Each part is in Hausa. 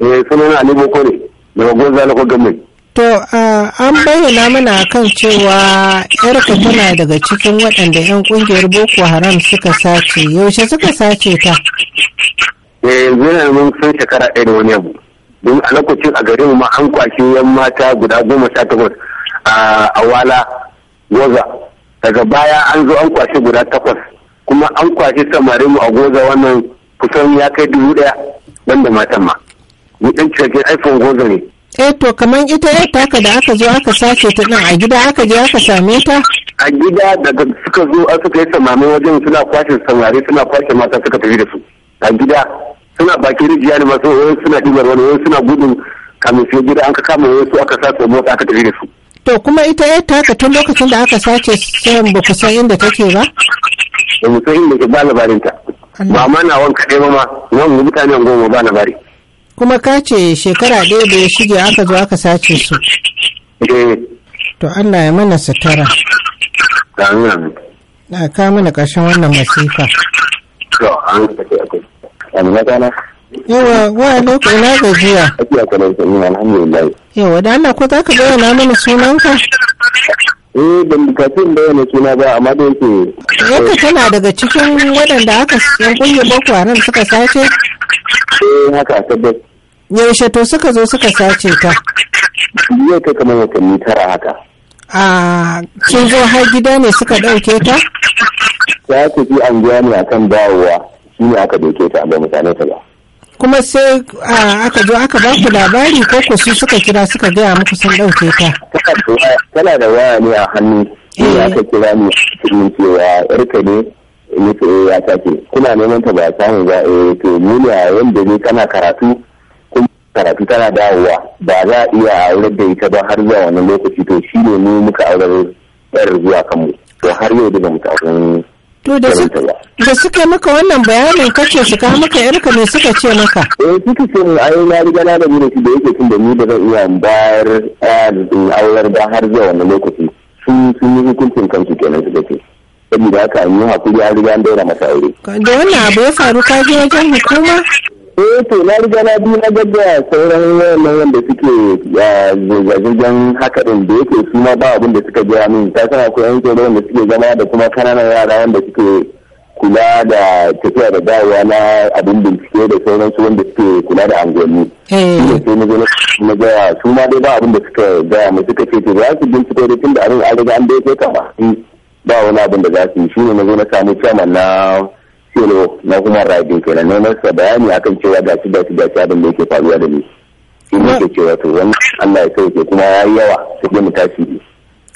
eh sunana ali boko ne daga gonza na kogamai to an bayyana mana kan cewa yarka tana daga cikin waɗanda 'yan ƙungiyar boko haram suka sace yaushe suka sace ta eh yana mun san shekara ɗaya da wani abu don a lokacin a garin ma an kwashe yan mata guda goma sha takwas a wala goza daga baya an zo an kwashe guda takwas kuma an kwashe samarin mu a goza wannan kusan ya kai dubu ɗaya banda matan ma ni dan cikakken iphone goma ne eh to kamar ita ya taka da aka zo aka sace ta din a gida aka je aka same ta a gida daga suka zo aka kai samami wajen suna kwashe samari suna kwashe mata suka tafi da su a gida suna bakin rijiya ne masu wani suna dimar wani wani suna gudun kamin su gida an ka kama wani su aka sace mota aka tafi da su to kuma ita ya taka tun lokacin da aka sace sun ba ku san inda take ba ba mu san inda ke ba labarinta ba ma na wanka ɗaya ma ma mutane goma ba labari kuma ka ce shekara ɗaya da ya shige aka zo aka sace su eh. to allah ya mana sutura na ka mana ƙarshen wannan masifa yawa wa lokacin na gajiya yawa da allah ko za ka bayyana mana sunanka eh ban bukatun bayyana suna ba amma da yake yadda tana daga cikin waɗanda aka yan kunya boko ran suka sace eh haka tabbas yaushe to suka zo suka sace ta yau ta kamar watanni tara haka a kin zo har gida ne suka ɗauke ta ta tafi an biya ne akan dawowa shi ne aka dauke ta amma mutane ta ba kuma sai aka zo aka ba ku labari ko ku su suka kira suka gaya muku sun ɗauke ta tana da waya ne a hannu ne aka kira ni cikin cewa yarka ne ni eh, ya ta kuna neman ta ba samu ba eh to ni ne a yanda ne kana karatu karatu tana dawowa ba za a iya aurar da ita ba har zuwa wani lokaci to shi ne mu muka aurar yar zuwa kanmu to har yau da mu kafin to da suka maka wannan bayanin kace su kawo maka yarka ne suka ce maka eh suka ce mu ai na riga na da mu shi da yake tun da ni da zan iya bayar eh, aurar da har zuwa wani lokaci sun sun yi hukuncin kansu kenan suka ce saboda haka an yi hakuri an riga an daura masa aure da wannan abu ya faru ka je wajen hukuma eh to na riga na biyu na gadda sauran wayannan wanda suke zirga-zirgan haka din da yake su ma ba abin da suka gaya min ta san akwai yan da wanda suke zama da kuma kananan yara wanda suke kula da tafiya da dawowa na abin bincike da sauran su wanda suke kula da angonni. Eh. su ma dai ba abin da suka gaya mu suka ce to za su bincike da tun da abin an riga an bai kai ka ba hmm. ba wani abin da za su yi shi ne na zo na samu chairman na kelo na human rights nan ne sa bayani akan cewa ga shi da shi da shi abin da yake faruwa da ni in ne cewa to wannan Allah ya sauke kuma ya yi yawa sai mu tashi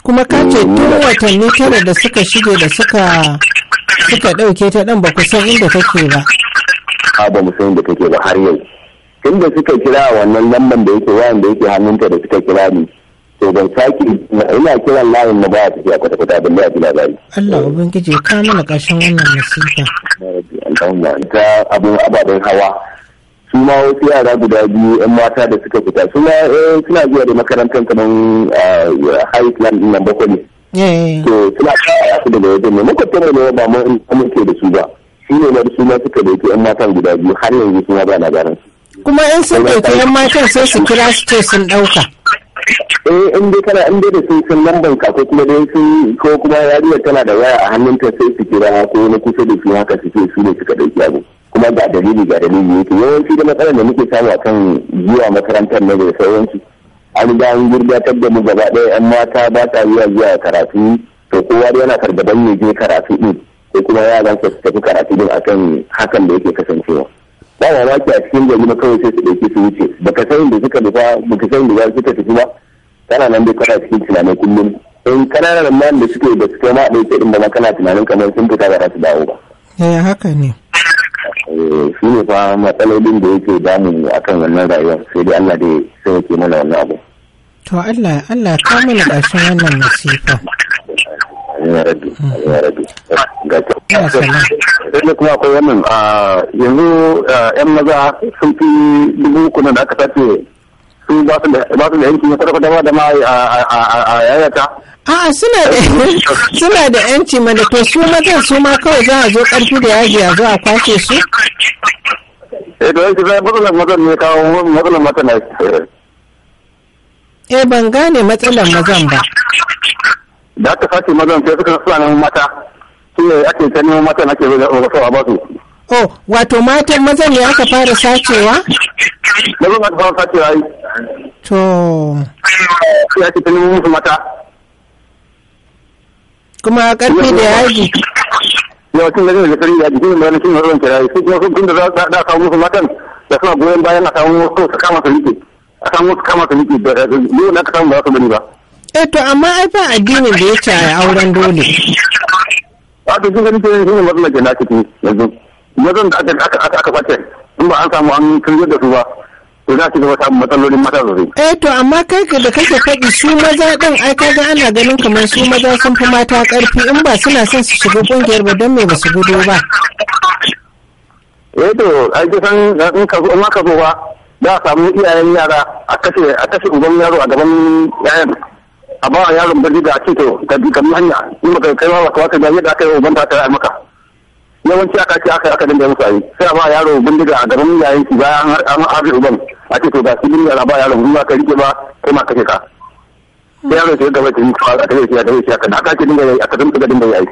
kuma ka ce eh, tun watanni tara da suka shige da suka suka ɗauke ta ɗan ba ku san inda take ba. A ba mu san inda take ba har yau. Tun da suka kira wannan lamban da yake wayan da yake hannunta da suka kira ni to ban sake ina kiran layin na baya tafiya kwata kwata ban da labari Allah ubangiji ka mana ƙarshen wannan musiba Allahumma ta abin ababen hawa su ma wasu yara guda biyu yan mata da suka fita su ma eh, suna zuwa da makarantar kaman ah, high plan nan bakwai ne eh. to suna kara su daga wajen ne makwabtar ne ba mu amince da su ba shi ne na su ma suka da yake yan matan guda biyu har yanzu su ma ba na garin kuma in sun dauki yan matan sai su kira su ce sun ɗauka eh in dai kana in da sun san lambar ka ko kuma dai sun ko kuma yariyar tana da waya a hannunta sai su kira ko na kusa da su haka suke su ne suka dauki abu kuma ga dalili ga dalili yake yawanci da matsalar da muke samu akan zuwa makarantar na da sauransu an ga an gurbatar da mu gaba ɗaya yan mata ba ta zuwa zuwa karatu to kowa yana karbaban ya je karatu din ko kuma yaran su tafi karatu din akan hakan da yake kasancewa ba mamaki a cikin gari na kawai sai su ɗauki su wuce ka san da suka nufa ka san da suka tafi ba kana nan dai kana cikin tunanin kullum in kananan ma da suke da suke ma a ɗauke ɗin da ma kana tunanin kamar sun fita ba za su dawo ba. eh haka ne. Eh, shi ne fa matsalolin da yake damu a kan wannan rayuwar sai dai Allah dai sai yake mana wannan abu. to Allah Allah ka mana ƙarshen wannan masifa. sun da aka da da suna da suna da yanci su mazan su ma kawai za a zo karfi da yaji a zo a kwace su. Eh, eh Eh ban gane matsalar mazan ba. da aka sace mazan sai suka suna neman mata su ne ake ta neman mata ake zai zaɓa ba su. oh wato matan mazan ne aka fara sacewa? mazan aka fara sacewa yi. to. sai ake ta neman musu mata. kuma ƙarfi da yaji. yawancin da zai da ƙarfi da yaji shine bayanin shine mazan kira yi sai kuma sun da za a samu musu matan da suna goyon bayan a samu wasu su kama su rike a samu wasu kama su rike da yau na ka samu ba za su bari ba. Eh to amma ai ba addinin da ya ce a auren dole. Ba sun gani sai ne matsalar da nake ci yanzu. Yanzu da aka aka aka bace in ba an samu an kirgo da su ba. To za ki ga samun matsalolin mata sosai. Eh to amma kai da kake faɗi su maza ɗin ai ga ana ganin kamar su maza sun fi mata ƙarfi in ba suna son su shiga ƙungiyar ba don me ba su gudu ba. Eh to ai san in ka zo ba za a samu iyayen yara a kashe a kashe uban yaro a gaban yayan a ba yaron birni da ake to ka bi kamar hanya in ma kai ba ka ga yadda aka yi banta ta yi maka yawanci aka ce aka aka dinga musu sai a ba yaro bindiga a gaban yayin ki ba an an abi uban a ce to ba su bindiga ba yaro ruwa ka rike ba kai ma kake ka sai yaro sai gaba kin ka ka rike ka rike ka aka ce dinga yayi aka dinga dinga yayi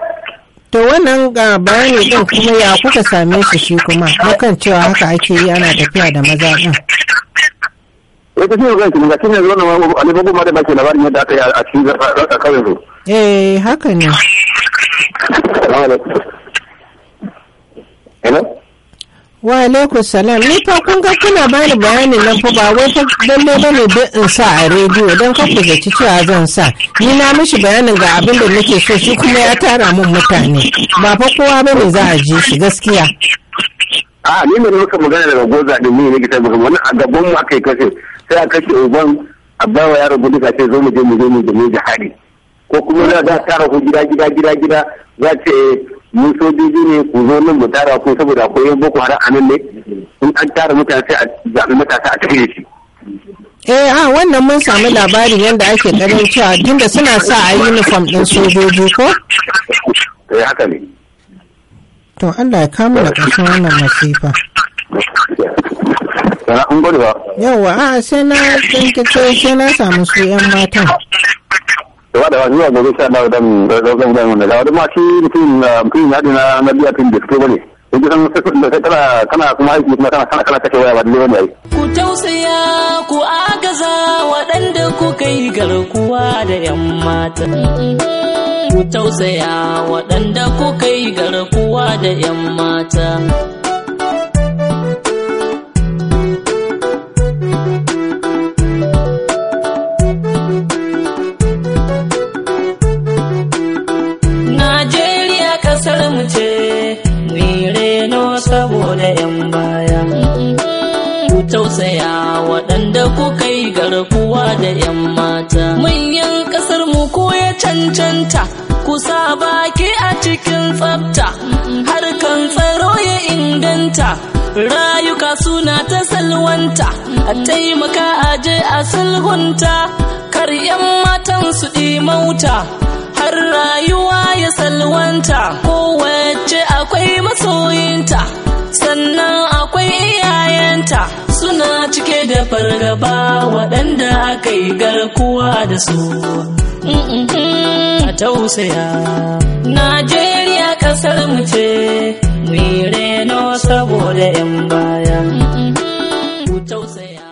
to wannan ga bayani din kuma ya kuka same shi shi kuma hakan cewa haka ake yi ana tafiya da maza din eh a kawai ne wa alaikum salam ni fa kun ga kuna nan fa ba wai fa lalle bane da in sa a rediyo don ka ci cewa zan sa ni na mishi bayanin ga abin da nake so shi kuma ya tara min mutane ba kowa za a ji gaskiya a ni ne muka magana daga goza din ne ke tabbata wani a gaban mu aka yi kashe sai a kashe uban a bawa yaro gudu ka ce zo mu je mu je mu je mu jihadi ko kuma za a tara ku gida gida gida gida za ce mu sojoji ne ku zo nan mu tara ku saboda ko yan boko haram anan ne in an tara mutane sai a zaɓi matasa a tafiye shi. Eh a wannan mun samu labarin yadda ake ganin cewa tunda suna sa a uniform din sojoji ko? Eh haka ne. To Allah ya kama da ƙarshen wannan masifa. Sana an gode ba. Yawwa a sai na tsinkace sai na samu su yan matan. Yawa da wani yawa gobe sai na dan dan dan wanda da wani ma shi mutum ah, mutum ya dina na biya tun da fito bane. Yanzu san sai kana kana kuma aiki kuma kana kana kana kashe waya ba dole ne ai. Ku tausaya ku agaza waɗanda ku kai garkuwa da yan matan. ku tausaya waɗanda ku kai garkuwa da 'yan mata. da kuka yi garkuwa da 'yan mata. Manyan ƙasar mu ko ya cancanta, kusa baki a cikin tsafta, harkan tsaro ya inganta. Rayuka suna ta salwanta, a taimaka a je a sulhunta, kar 'yan matan su mauta, har rayuwa ya salwanta, kowace akwai masoyinta, sannan akwai iyayenta. suna cike da fargaba waɗanda aka yi garkuwa da su a tausaya najeriya ƙasar mu ce mu yi reno saboda 'yan baya